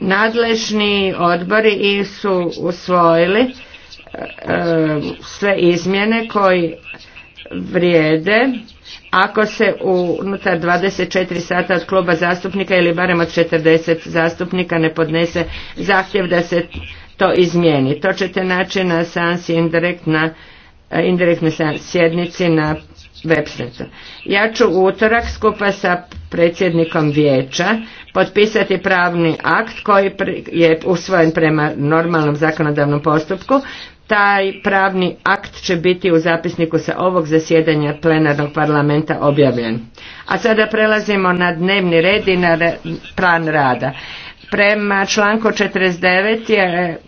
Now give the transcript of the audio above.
Nadležni odbori su usvojili e, sve izmjene koji vrijede ako se unutar 24 sata od kluba zastupnika ili barem od 40 zastupnika ne podnese zahtjev da se to izmijeni. To ćete naći na sansi indirekt na e, indirektnoj sjednici na websetu. Ja ću utorak skupa sa predsjednikom vijeća potpisati pravni akt koji je usvojen prema normalnom zakonodavnom postupku. Taj pravni akt će biti u zapisniku sa ovog zasjedanja plenarnog parlamenta objavljen. A sada prelazimo na dnevni red i na plan rada. Prema članku 49 je